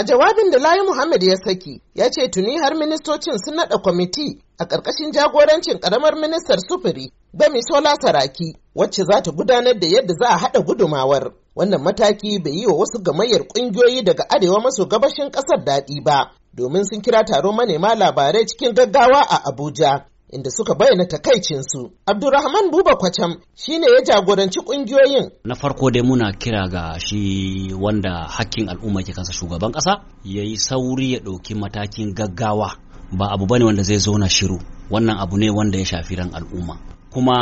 A jawabin da Layi Muhammad ya saki, ya ce tuni har ministocin sun naɗa kwamiti a ƙarƙashin jagorancin ƙaramar ministar sufuri Sola Saraki, wacce za ta gudanar da yadda za a haɗa gudumawar. Wannan mataki bai yi wa wasu gamayyar ƙungiyoyi daga arewa maso gabashin ƙasar daɗi ba, domin sun kira taron manema labarai cikin gaggawa a Abuja inda suka bayyana takaicinsu. Abdulrahman Buba Kwacham ne ya jagoranci kungiyoyin. Na farko dai muna kira ga shi wanda hakkin al'umma ke kansa shugaban ƙasa. ya yi sauri ya ɗauki matakin gaggawa ba abu bane wanda zai zauna shiru wannan abu ne wanda ya shafi ran al'umma kuma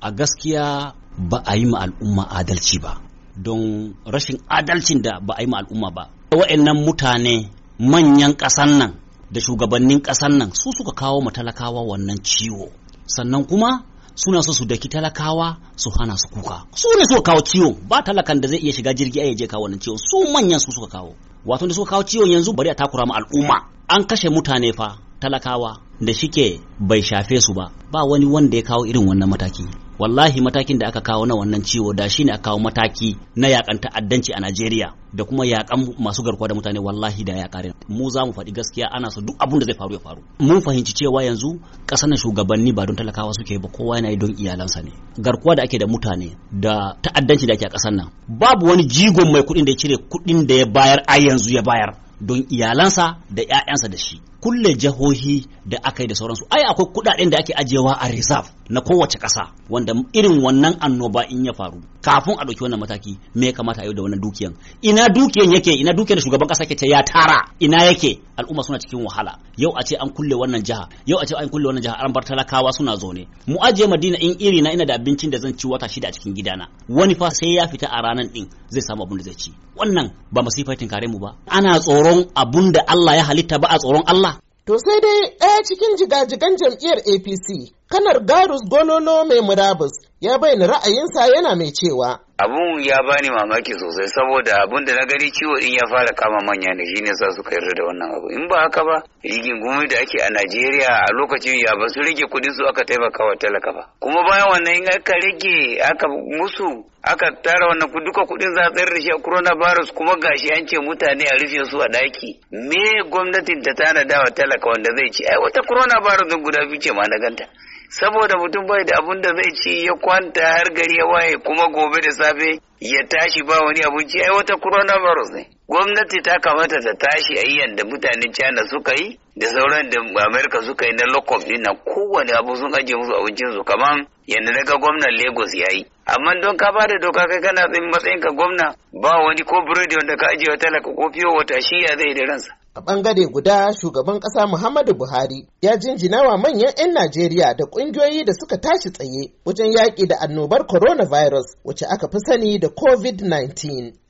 a gaskiya ba a yi ma al'umma adalci ba don rashin adalcin da ba a yi ma al'umma ba wa'annan mutane manyan ƙasan nan da shugabannin ƙasar nan su suka kawo ma talakawa wannan ciwo sannan kuma suna so su daki talakawa su hana su kuka su ne suka kawo ciwo ba talakan da zai iya shiga jirgi a je kawo wannan ciwo su manyan su suka kawo wato da suka kawo ciwo yanzu bari a takura ma al'umma an kashe mutane fa talakawa da shike bai shafe su ba ba wani wanda ya kawo irin wannan mataki wallahi matakin da aka kawo na wannan ciwo da shine aka kawo mataki na yakan ta'addanci a Najeriya da kuma yakan masu garkuwa da mutane wallahi da ya kare mu za mu faɗi gaskiya ana so duk abun da zai faru ya faru mun fahimci cewa yanzu ƙasar shugabanni ba don talakawa suke ba kowa yana yi don iyalansa ne garkuwa da ake da mutane da ta'addanci da ake a ƙasar nan babu wani jigon mai kuɗin da ya cire kuɗin da ya bayar a yanzu ya bayar don iyalansa da 'ya'yansa da shi kulle jihohi da aka yi da sauransu ai akwai kudaden da ake ajiyewa a reserve na kowace ƙasa wanda irin wannan annoba in ya faru kafin a ɗauki wannan mataki me ya kamata a yi da wannan dukiyan ina dukiyan yake ina dukiyan da shugaban ƙasa ke ce ya tara ina yake al'umma suna cikin wahala yau a ce an kulle wannan jiha yau a ce an kulle wannan jiha an bar talakawa suna zaune mu ajiye madina in iri na ina da abincin da zan ci wata shida a cikin gidana wani fa sai ya fita a ranan din zai samu abin da zai ci wannan ba masifar tinkare mu ba ana tsoron abun da Allah ya halitta ba a tsoron Allah To sai dai ɗaya cikin jigajigan jam'iyyar APC, kanar Garus Gonono mai murabus ya bayyana ra'ayinsa yana mai cewa abun ya bani mamaki sosai saboda abun da na gani ciwo din ya fara kama manya ne shine sa suka yarda da wannan abu in ba haka ba rigin gumi da ake a Najeriya a lokacin ya ba su rage kudin su aka taimaka wa talaka ba kuma bayan wannan in aka rage aka musu aka tara wannan duka kudin za a tsayar da shi a coronavirus kuma gashi an ce mutane a rufe su a daki me gwamnatin ta tana dawa talaka wanda zai ci ai wata coronavirus din guda biyu ce ma na ganta saboda mutum bai da abun da zai ci ya kwanta har gari ya waye kuma gobe da safe ya tashi ba wani abinci ai wata coronavirus ne gwamnati ta kamata ta tashi a da mutanen china suka yi da sauran da Amurka suka yi na lokom din na kowane abu sun ajiye musu abincin su kaman yadda daga gwamnan lagos ya yi amma don ka ba da doka kai kana tsayin matsayin ka gwamna ba wani ko burodi wanda ka ajiye talaka ko fiye wata shi ya zai da ransa a bangare guda shugaban kasa muhammadu buhari ya jinjina wa manyan 'yan najeriya da kungiyoyi da suka tashi tsaye wajen yaƙi da annobar coronavirus wacce aka fi sani da covid-19